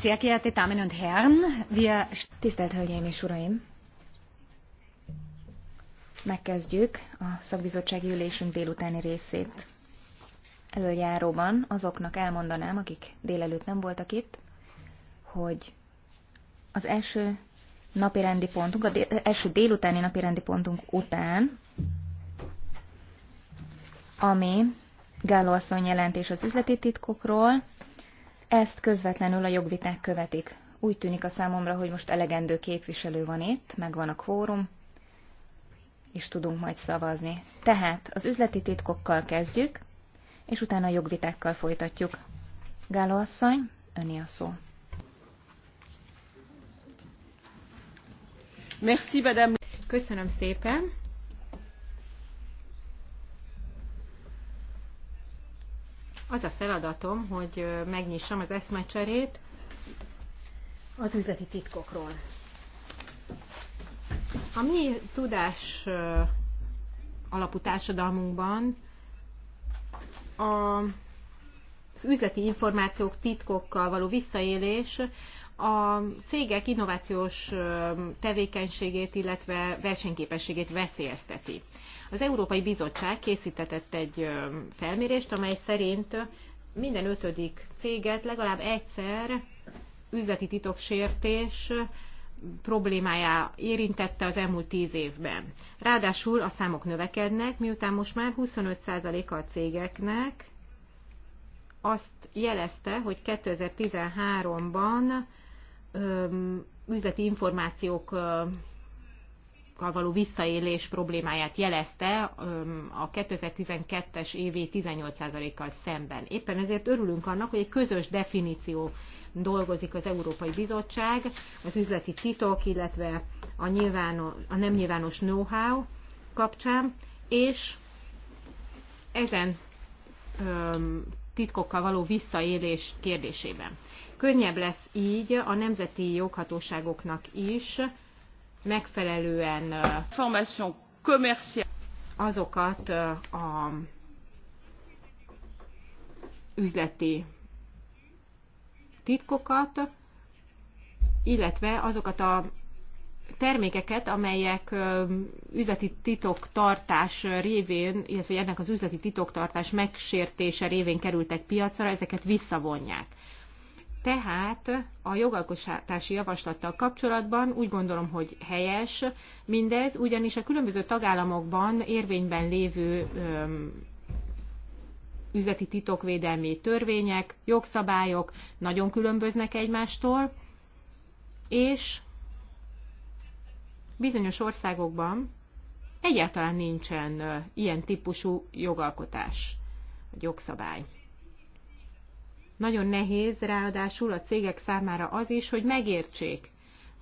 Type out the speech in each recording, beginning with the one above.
Sehr geehrte Damen und Herren, wir... Tisztelt Hölgyeim és Uraim! Megkezdjük a szakbizottsági ülésünk délutáni részét. Előjáróban azoknak elmondanám, akik délelőtt nem voltak itt, hogy az első napirendi pontunk, az első délutáni napirendi pontunk után, ami Gálló asszony jelentés az üzleti titkokról, ezt közvetlenül a jogviták követik. Úgy tűnik a számomra, hogy most elegendő képviselő van itt, megvan a kvórum, és tudunk majd szavazni. Tehát az üzleti titkokkal kezdjük, és utána a jogvitákkal folytatjuk. Gáló asszony, öni a szó. Merci, Köszönöm szépen. az a feladatom, hogy megnyissam az eszmecserét az üzleti titkokról. A mi tudás alapú társadalmunkban a, az üzleti információk titkokkal való visszaélés a cégek innovációs tevékenységét, illetve versenyképességét veszélyezteti. Az Európai Bizottság készítetett egy felmérést, amely szerint minden ötödik céget legalább egyszer üzleti titoksértés problémája érintette az elmúlt tíz évben. Ráadásul a számok növekednek, miután most már 25%-a a cégeknek azt jelezte, hogy 2013-ban üzleti információk való visszaélés problémáját jelezte a 2012-es évi 18%-kal szemben. Éppen ezért örülünk annak, hogy egy közös definíció dolgozik az Európai Bizottság, az üzleti titok, illetve a, nyilvános, a nem nyilvános know-how kapcsán, és ezen öm, titkokkal való visszaélés kérdésében. Könnyebb lesz így a nemzeti joghatóságoknak is megfelelően azokat a üzleti titkokat, illetve azokat a termékeket, amelyek üzleti titoktartás révén, illetve ennek az üzleti titoktartás megsértése révén kerültek piacra, ezeket visszavonják. Tehát a jogalkotási javaslattal kapcsolatban úgy gondolom, hogy helyes mindez, ugyanis a különböző tagállamokban érvényben lévő üzleti titokvédelmi törvények, jogszabályok nagyon különböznek egymástól, és bizonyos országokban egyáltalán nincsen ilyen típusú jogalkotás, vagy jogszabály. Nagyon nehéz ráadásul a cégek számára az is, hogy megértsék,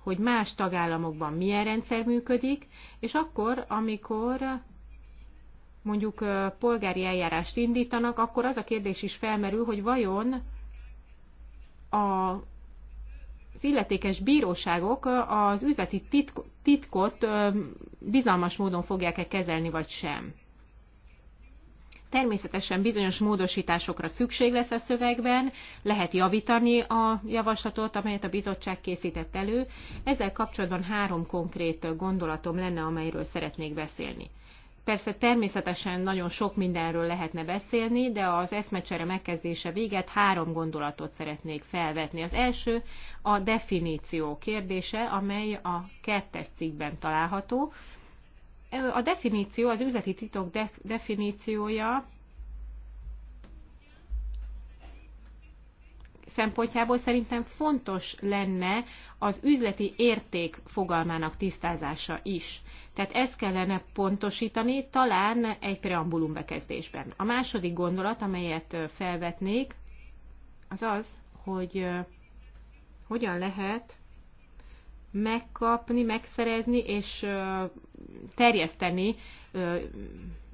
hogy más tagállamokban milyen rendszer működik, és akkor, amikor mondjuk polgári eljárást indítanak, akkor az a kérdés is felmerül, hogy vajon a az illetékes bíróságok az üzleti titkot bizalmas módon fogják-e kezelni, vagy sem. Természetesen bizonyos módosításokra szükség lesz a szövegben, lehet javítani a javaslatot, amelyet a bizottság készített elő. Ezzel kapcsolatban három konkrét gondolatom lenne, amelyről szeretnék beszélni. Persze természetesen nagyon sok mindenről lehetne beszélni, de az eszmecsere megkezdése véget három gondolatot szeretnék felvetni. Az első a definíció kérdése, amely a kettes cikkben található a definíció, az üzleti titok def, definíciója szempontjából szerintem fontos lenne az üzleti érték fogalmának tisztázása is. Tehát ezt kellene pontosítani talán egy preambulum bekezdésben. A második gondolat, amelyet felvetnék, az az, hogy hogyan lehet megkapni, megszerezni és terjeszteni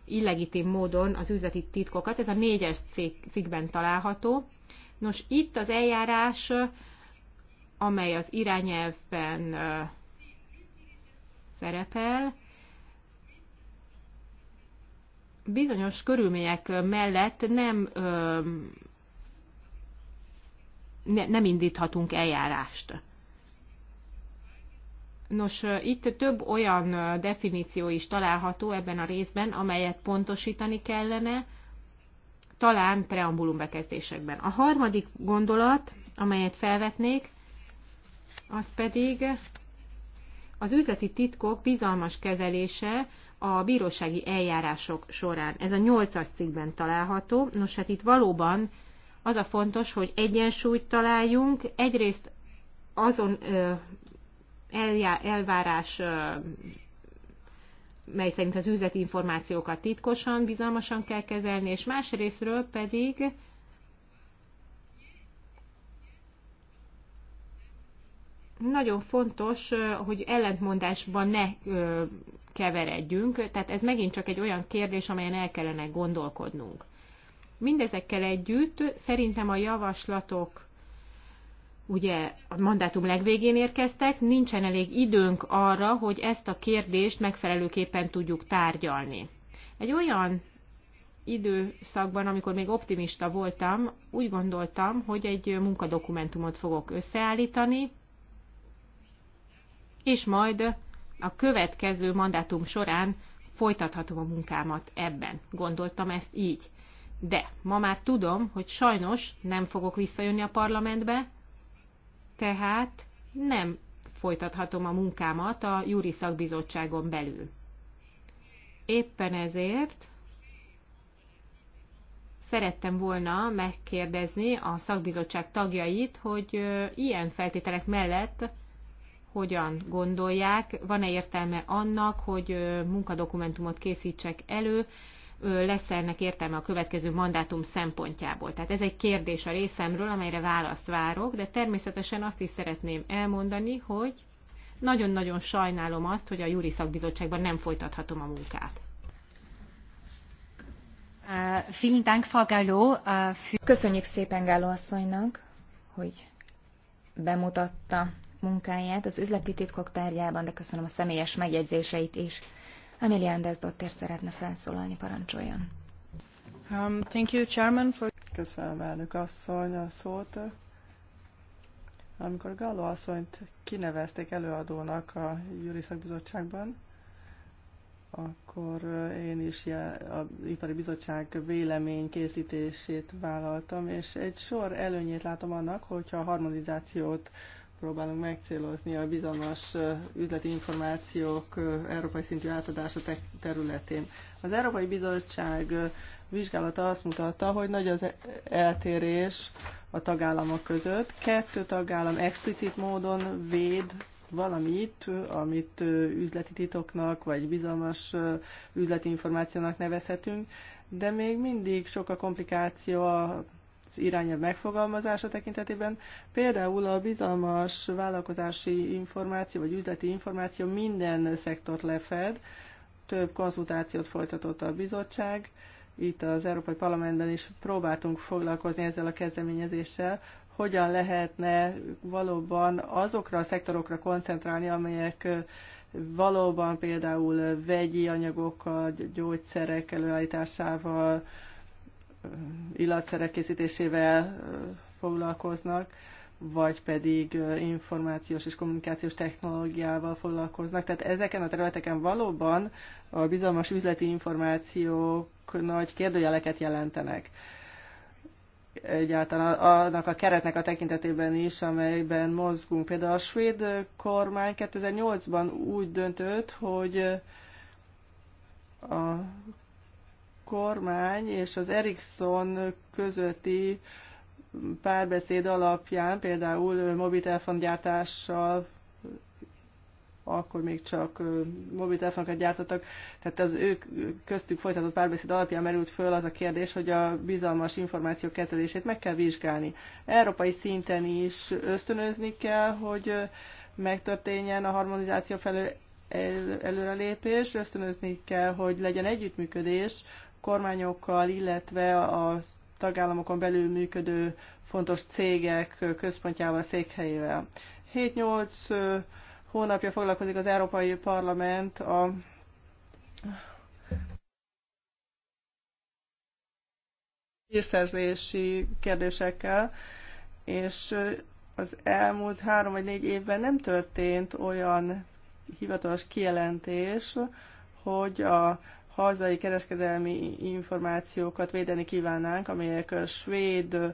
illegitim módon az üzleti titkokat. Ez a négyes cikkben található. Nos, itt az eljárás, amely az irányelvben szerepel, bizonyos körülmények mellett nem, nem indíthatunk eljárást. Nos, itt több olyan definíció is található ebben a részben, amelyet pontosítani kellene, talán preambulum bekezdésekben. A harmadik gondolat, amelyet felvetnék, az pedig az üzleti titkok bizalmas kezelése a bírósági eljárások során. Ez a nyolcas cikkben található. Nos, hát itt valóban az a fontos, hogy egyensúlyt találjunk. Egyrészt azon ö, eljá, elvárás, mely szerint az üzleti információkat titkosan, bizalmasan kell kezelni, és más részről pedig nagyon fontos, hogy ellentmondásban ne keveredjünk, tehát ez megint csak egy olyan kérdés, amelyen el kellene gondolkodnunk. Mindezekkel együtt szerintem a javaslatok ugye a mandátum legvégén érkeztek, nincsen elég időnk arra, hogy ezt a kérdést megfelelőképpen tudjuk tárgyalni. Egy olyan időszakban, amikor még optimista voltam, úgy gondoltam, hogy egy munkadokumentumot fogok összeállítani, és majd a következő mandátum során folytathatom a munkámat ebben. Gondoltam ezt így. De ma már tudom, hogy sajnos nem fogok visszajönni a parlamentbe, tehát nem folytathatom a munkámat a júri szakbizottságon belül. Éppen ezért szerettem volna megkérdezni a szakbizottság tagjait, hogy ilyen feltételek mellett hogyan gondolják, van-e értelme annak, hogy munkadokumentumot készítsek elő, lesz ennek értelme a következő mandátum szempontjából. Tehát ez egy kérdés a részemről, amelyre választ várok, de természetesen azt is szeretném elmondani, hogy nagyon-nagyon sajnálom azt, hogy a júri szakbizottságban nem folytathatom a munkát. Uh, uh, Köszönjük szépen Gáló asszonynak, hogy bemutatta munkáját az üzleti titkok tárgyában, de köszönöm a személyes megjegyzéseit is. Amelia Anders Dottér szeretne felszólalni, parancsoljon. Um, thank you, Chairman, for... Köszönöm, elnök asszony, a szót. Amikor Gallo asszonyt kinevezték előadónak a Júri Szakbizottságban, akkor én is az Ipari Bizottság vélemény készítését vállaltam, és egy sor előnyét látom annak, hogyha a harmonizációt próbálunk megcélozni a bizonyos üzleti információk európai szintű átadása területén. Az Európai Bizottság vizsgálata azt mutatta, hogy nagy az e-, eltérés a tagállamok között. Kettő tagállam explicit módon véd valamit, amit üzleti titoknak vagy bizalmas üzleti információnak nevezhetünk, de még mindig sok a komplikáció a irányabb megfogalmazása tekintetében. Például a bizalmas vállalkozási információ vagy üzleti információ minden szektort lefed, több konzultációt folytatott a bizottság, itt az Európai Parlamentben is próbáltunk foglalkozni ezzel a kezdeményezéssel, hogyan lehetne valóban azokra a szektorokra koncentrálni, amelyek valóban például vegyi anyagokkal, gyógyszerek előállításával, illatszerek készítésével foglalkoznak, vagy pedig információs és kommunikációs technológiával foglalkoznak. Tehát ezeken a területeken valóban a bizalmas üzleti információk nagy kérdőjeleket jelentenek. Egyáltalán annak a keretnek a tekintetében is, amelyben mozgunk. Például a svéd kormány 2008-ban úgy döntött, hogy a kormány és az Ericsson közötti párbeszéd alapján, például mobiltelefongyártással, akkor még csak mobiltelefonokat gyártottak, tehát az ők köztük folytatott párbeszéd alapján merült föl az a kérdés, hogy a bizalmas információk kezelését meg kell vizsgálni. Európai szinten is ösztönözni kell, hogy megtörténjen a harmonizáció felől előrelépés, ösztönözni kell, hogy legyen együttműködés kormányokkal, illetve a tagállamokon belül működő fontos cégek központjával, székhelyével. 7-8 hónapja foglalkozik az Európai Parlament a hírszerzési kérdésekkel, és az elmúlt három vagy négy évben nem történt olyan hivatalos kijelentés, hogy a hazai kereskedelmi információkat védeni kívánnánk, amelyek a svéd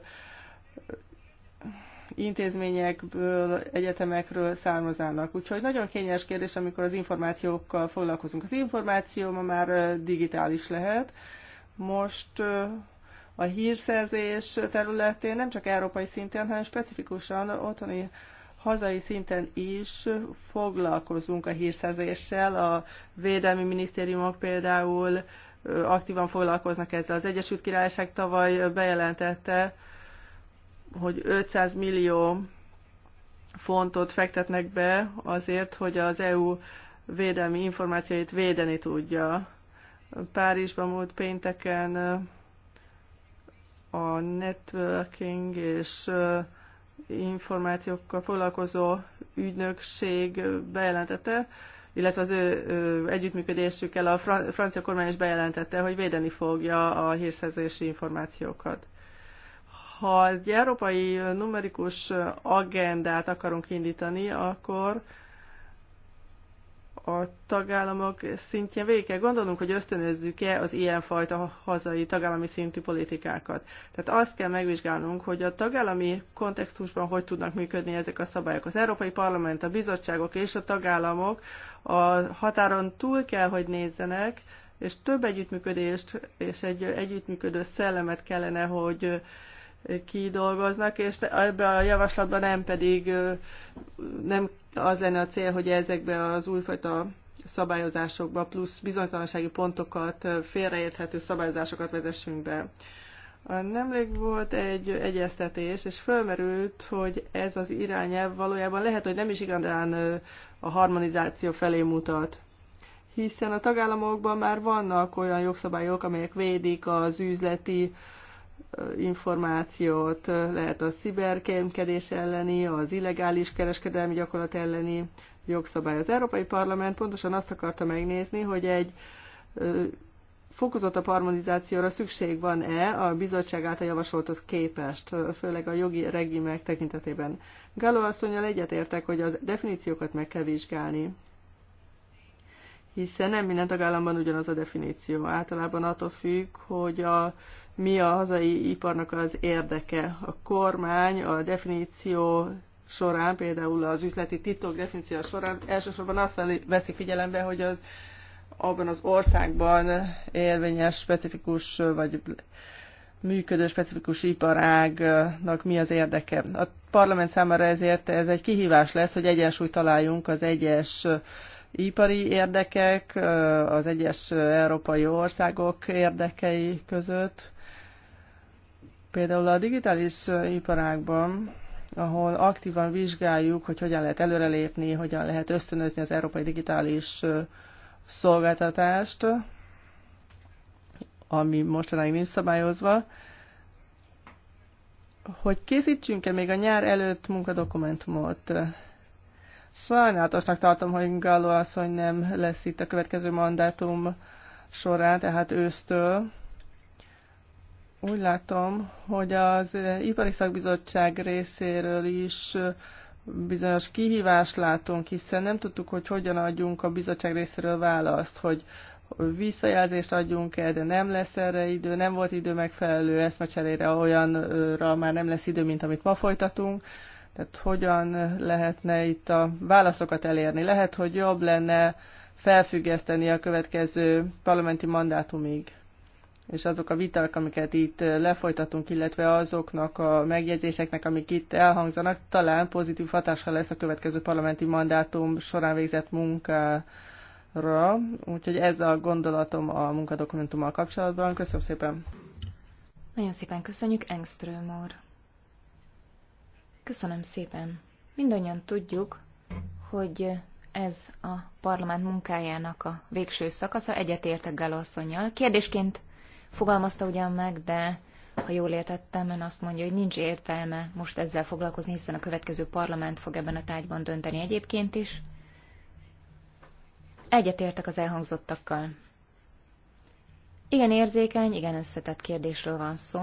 intézményekből, egyetemekről származának. Úgyhogy nagyon kényes kérdés, amikor az információkkal foglalkozunk. Az információ ma már digitális lehet. Most a hírszerzés területén nem csak európai szinten, hanem specifikusan otthoni hazai szinten is foglalkozunk a hírszerzéssel. A védelmi minisztériumok például aktívan foglalkoznak ezzel. Az Egyesült Királyság tavaly bejelentette, hogy 500 millió fontot fektetnek be azért, hogy az EU védelmi információit védeni tudja. Párizsban múlt pénteken a networking és információkkal foglalkozó ügynökség bejelentette, illetve az ő együttműködésükkel a francia kormány is bejelentette, hogy védeni fogja a hírszerzési információkat. Ha egy európai numerikus agendát akarunk indítani, akkor a tagállamok szintjén végig kell gondolnunk, hogy ösztönözzük-e az ilyenfajta hazai tagállami szintű politikákat. Tehát azt kell megvizsgálnunk, hogy a tagállami kontextusban hogy tudnak működni ezek a szabályok. Az Európai Parlament, a bizottságok és a tagállamok a határon túl kell, hogy nézzenek, és több együttműködést és egy együttműködő szellemet kellene, hogy kidolgoznak, és ebben a javaslatban nem pedig nem az lenne a cél, hogy ezekbe az újfajta szabályozásokba plusz bizonytalansági pontokat, félreérthető szabályozásokat vezessünk be. Nemrég volt egy egyeztetés, és fölmerült, hogy ez az irányelv valójában lehet, hogy nem is igazán a harmonizáció felé mutat. Hiszen a tagállamokban már vannak olyan jogszabályok, amelyek védik az üzleti uh, információt, lehet a sziberkémkedés elleni, az illegális kereskedelmi gyakorlat elleni jogszabály. Az Európai Parlament pontosan azt akarta megnézni, hogy egy fokozottabb harmonizációra szükség van-e a bizottság által javasolthoz képest, főleg a jogi regimek tekintetében. Galo asszonyjal egyetértek, hogy az definíciókat meg kell vizsgálni hiszen nem minden tagállamban ugyanaz a definíció. Általában attól függ, hogy a, mi a hazai iparnak az érdeke. A kormány a definíció során, például az üzleti titok definíció során elsősorban azt veszi figyelembe, hogy az abban az országban érvényes, specifikus vagy működő specifikus iparágnak mi az érdeke. A parlament számára ezért ez egy kihívás lesz, hogy egyensúlyt találjunk az egyes ipari érdekek, az egyes európai országok érdekei között. Például a digitális iparágban, ahol aktívan vizsgáljuk, hogy hogyan lehet előrelépni, hogyan lehet ösztönözni az európai digitális szolgáltatást, ami mostanáig nincs szabályozva, hogy készítsünk-e még a nyár előtt munkadokumentumot. Sajnálatosnak tartom, hogy Gallo asszony nem lesz itt a következő mandátum során, tehát ősztől. Úgy látom, hogy az Ipari Szakbizottság részéről is bizonyos kihívást látunk, hiszen nem tudtuk, hogy hogyan adjunk a bizottság részéről választ, hogy visszajelzést adjunk el, de nem lesz erre idő, nem volt idő megfelelő eszmecserére, olyanra már nem lesz idő, mint amit ma folytatunk. Tehát hogyan lehetne itt a válaszokat elérni? Lehet, hogy jobb lenne felfüggeszteni a következő parlamenti mandátumig. És azok a viták, amiket itt lefolytatunk, illetve azoknak a megjegyzéseknek, amik itt elhangzanak, talán pozitív hatásra lesz a következő parlamenti mandátum során végzett munkára. Úgyhogy ez a gondolatom a munkadokumentummal kapcsolatban. Köszönöm szépen! Nagyon szépen köszönjük, Engström úr! Köszönöm szépen. Mindannyian tudjuk, hogy ez a parlament munkájának a végső szakasza. Egyetértek Gála asszonynal. Kérdésként fogalmazta ugyan meg, de ha jól értettem, ön azt mondja, hogy nincs értelme most ezzel foglalkozni, hiszen a következő parlament fog ebben a tárgyban dönteni egyébként is. Egyetértek az elhangzottakkal. Igen érzékeny, igen összetett kérdésről van szó.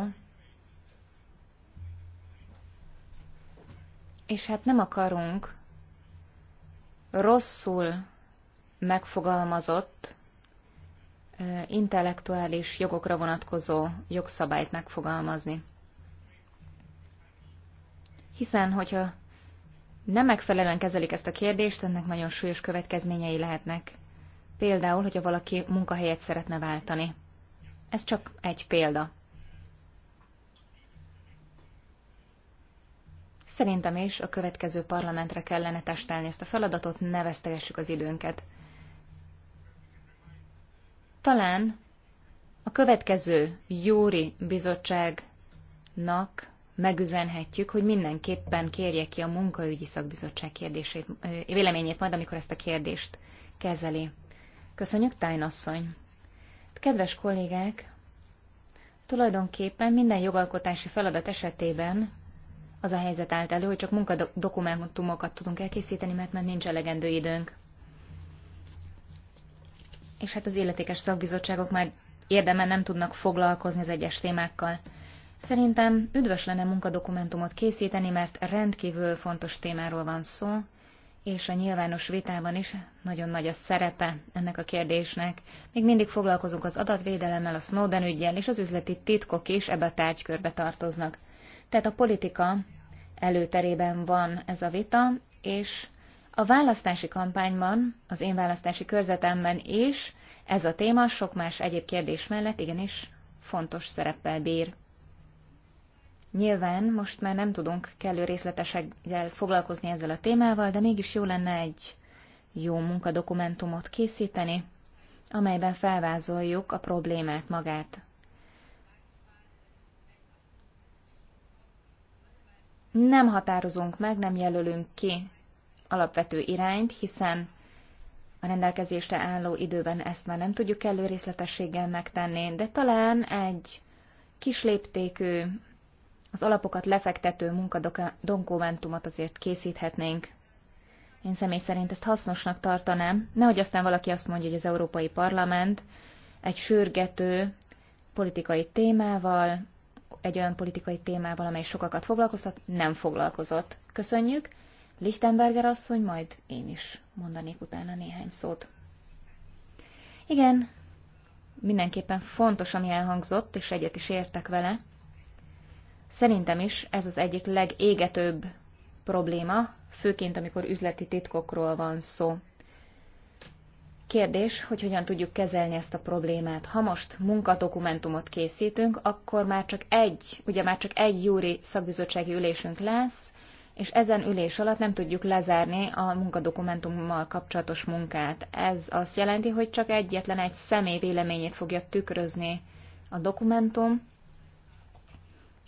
És hát nem akarunk rosszul megfogalmazott intellektuális jogokra vonatkozó jogszabályt megfogalmazni. Hiszen, hogyha nem megfelelően kezelik ezt a kérdést, ennek nagyon súlyos következményei lehetnek. Például, hogyha valaki munkahelyet szeretne váltani. Ez csak egy példa. Szerintem is a következő parlamentre kellene testelni ezt a feladatot, ne vesztegessük az időnket. Talán a következő Júri bizottságnak megüzenhetjük, hogy mindenképpen kérje ki a munkaügyi szakbizottság kérdését, véleményét majd, amikor ezt a kérdést kezeli. Köszönjük, Tájnasszony! Kedves kollégák, tulajdonképpen minden jogalkotási feladat esetében az a helyzet állt elő, hogy csak munkadokumentumokat tudunk elkészíteni, mert már nincs elegendő időnk. És hát az illetékes szakbizottságok már érdemben nem tudnak foglalkozni az egyes témákkal. Szerintem üdvös lenne munkadokumentumot készíteni, mert rendkívül fontos témáról van szó, és a nyilvános vitában is nagyon nagy a szerepe ennek a kérdésnek. Még mindig foglalkozunk az adatvédelemmel, a Snowden ügyjel, és az üzleti titkok is ebbe a tárgykörbe tartoznak. Tehát a politika előterében van ez a vita, és a választási kampányban, az én választási körzetemben is ez a téma sok más egyéb kérdés mellett igenis fontos szereppel bír. Nyilván most már nem tudunk kellő részleteseggel foglalkozni ezzel a témával, de mégis jó lenne egy jó munkadokumentumot készíteni, amelyben felvázoljuk a problémát magát. nem határozunk meg, nem jelölünk ki alapvető irányt, hiszen a rendelkezésre álló időben ezt már nem tudjuk kellő részletességgel megtenni, de talán egy kis léptékű, az alapokat lefektető munkadokumentumot azért készíthetnénk. Én személy szerint ezt hasznosnak tartanám, nehogy aztán valaki azt mondja, hogy az Európai Parlament egy sürgető politikai témával egy olyan politikai témával, amely sokakat foglalkoztat, nem foglalkozott. Köszönjük. Lichtenberger asszony, majd én is mondanék utána néhány szót. Igen, mindenképpen fontos, ami elhangzott, és egyet is értek vele. Szerintem is ez az egyik legégetőbb probléma, főként amikor üzleti titkokról van szó. Kérdés, hogy hogyan tudjuk kezelni ezt a problémát. Ha most munkadokumentumot készítünk, akkor már csak egy, ugye már csak egy júri szakbizottsági ülésünk lesz, és ezen ülés alatt nem tudjuk lezárni a munkadokumentummal kapcsolatos munkát. Ez azt jelenti, hogy csak egyetlen egy személy véleményét fogja tükrözni a dokumentum,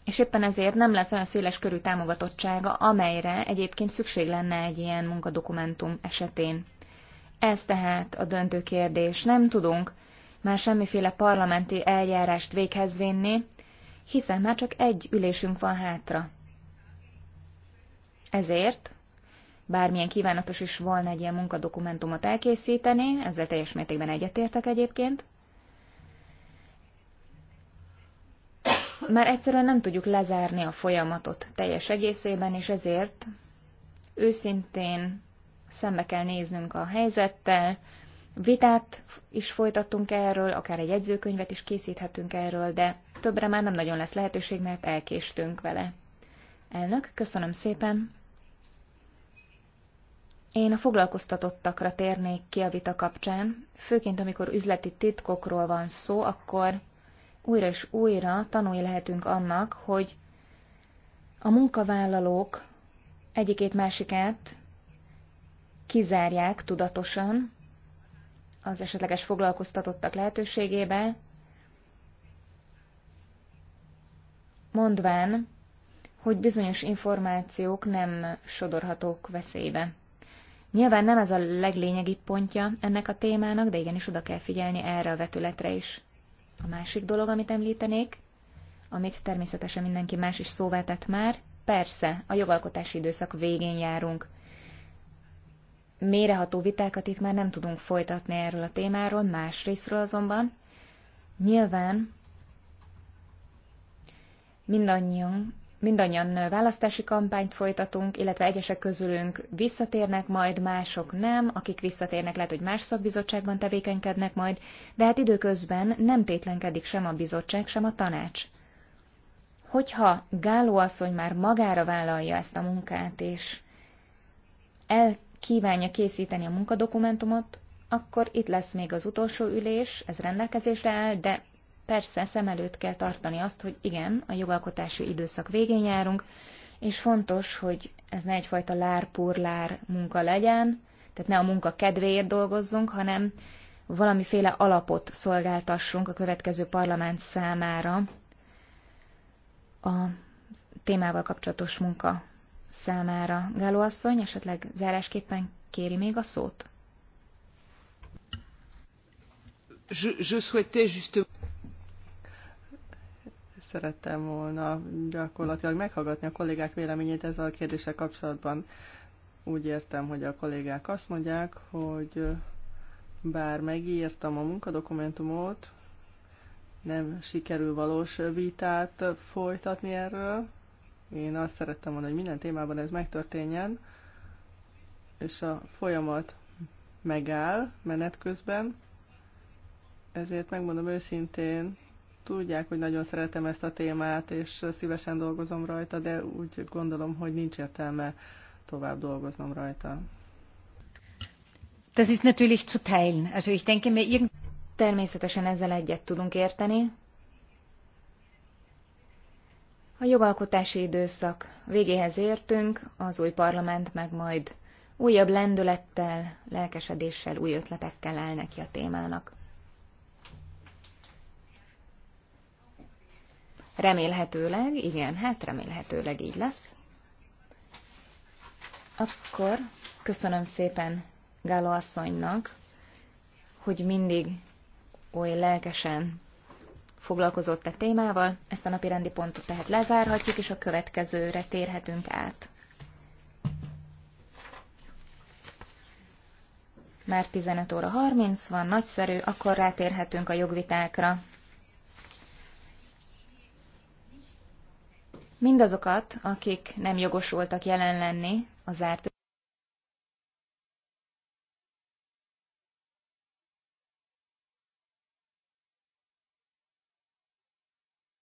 és éppen ezért nem lesz olyan széles körű támogatottsága, amelyre egyébként szükség lenne egy ilyen munkadokumentum esetén. Ez tehát a döntő kérdés. Nem tudunk már semmiféle parlamenti eljárást véghez vinni, hiszen már csak egy ülésünk van hátra. Ezért, bármilyen kívánatos is volna egy ilyen munkadokumentumot elkészíteni, ezzel teljes mértékben egyetértek egyébként, már egyszerűen nem tudjuk lezárni a folyamatot teljes egészében, és ezért őszintén szembe kell néznünk a helyzettel, vitát is folytattunk erről, akár egy jegyzőkönyvet is készíthetünk erről, de többre már nem nagyon lesz lehetőség, mert elkéstünk vele. Elnök, köszönöm szépen! Én a foglalkoztatottakra térnék ki a vita kapcsán, főként amikor üzleti titkokról van szó, akkor újra és újra tanulni lehetünk annak, hogy a munkavállalók egyikét másikát kizárják tudatosan az esetleges foglalkoztatottak lehetőségébe, mondván, hogy bizonyos információk nem sodorhatók veszélybe. Nyilván nem ez a leglényegi pontja ennek a témának, de igenis oda kell figyelni erre a vetületre is. A másik dolog, amit említenék, amit természetesen mindenki más is szóvá tett már, persze, a jogalkotási időszak végén járunk – méreható vitákat itt már nem tudunk folytatni erről a témáról, másrésztről azonban nyilván mindannyian, mindannyian választási kampányt folytatunk, illetve egyesek közülünk visszatérnek, majd mások nem, akik visszatérnek, lehet, hogy más szakbizottságban tevékenykednek majd, de hát időközben nem tétlenkedik sem a bizottság, sem a tanács. Hogyha Gáló asszony már magára vállalja ezt a munkát, és el kívánja készíteni a munkadokumentumot, akkor itt lesz még az utolsó ülés, ez rendelkezésre áll, de persze szem előtt kell tartani azt, hogy igen, a jogalkotási időszak végén járunk, és fontos, hogy ez ne egyfajta lár-purlár munka legyen, tehát ne a munka kedvéért dolgozzunk, hanem valamiféle alapot szolgáltassunk a következő parlament számára a témával kapcsolatos munka számára. Gáló asszony esetleg zárásképpen kéri még a szót? Je, je souhaitais szerettem volna gyakorlatilag meghallgatni a kollégák véleményét ezzel a kérdéssel kapcsolatban. Úgy értem, hogy a kollégák azt mondják, hogy bár megírtam a munkadokumentumot, nem sikerül valós vitát folytatni erről, én azt szerettem volna, hogy minden témában ez megtörténjen, és a folyamat megáll menet közben, ezért megmondom őszintén, tudják, hogy nagyon szeretem ezt a témát, és szívesen dolgozom rajta, de úgy gondolom, hogy nincs értelme tovább dolgoznom rajta. Das ist natürlich zu teilen. Also ich denke mir, irgend... Természetesen ezzel egyet tudunk érteni. A jogalkotási időszak végéhez értünk, az új parlament meg majd újabb lendülettel, lelkesedéssel, új ötletekkel áll neki a témának. Remélhetőleg, igen, hát remélhetőleg így lesz. Akkor köszönöm szépen Gála asszonynak, hogy mindig oly lelkesen foglalkozott a e témával. Ezt a napi rendi pontot tehát lezárhatjuk, és a következőre térhetünk át. Már 15 óra 30 van, nagyszerű, akkor rátérhetünk a jogvitákra. Mindazokat, akik nem jogosultak jelen lenni az zárt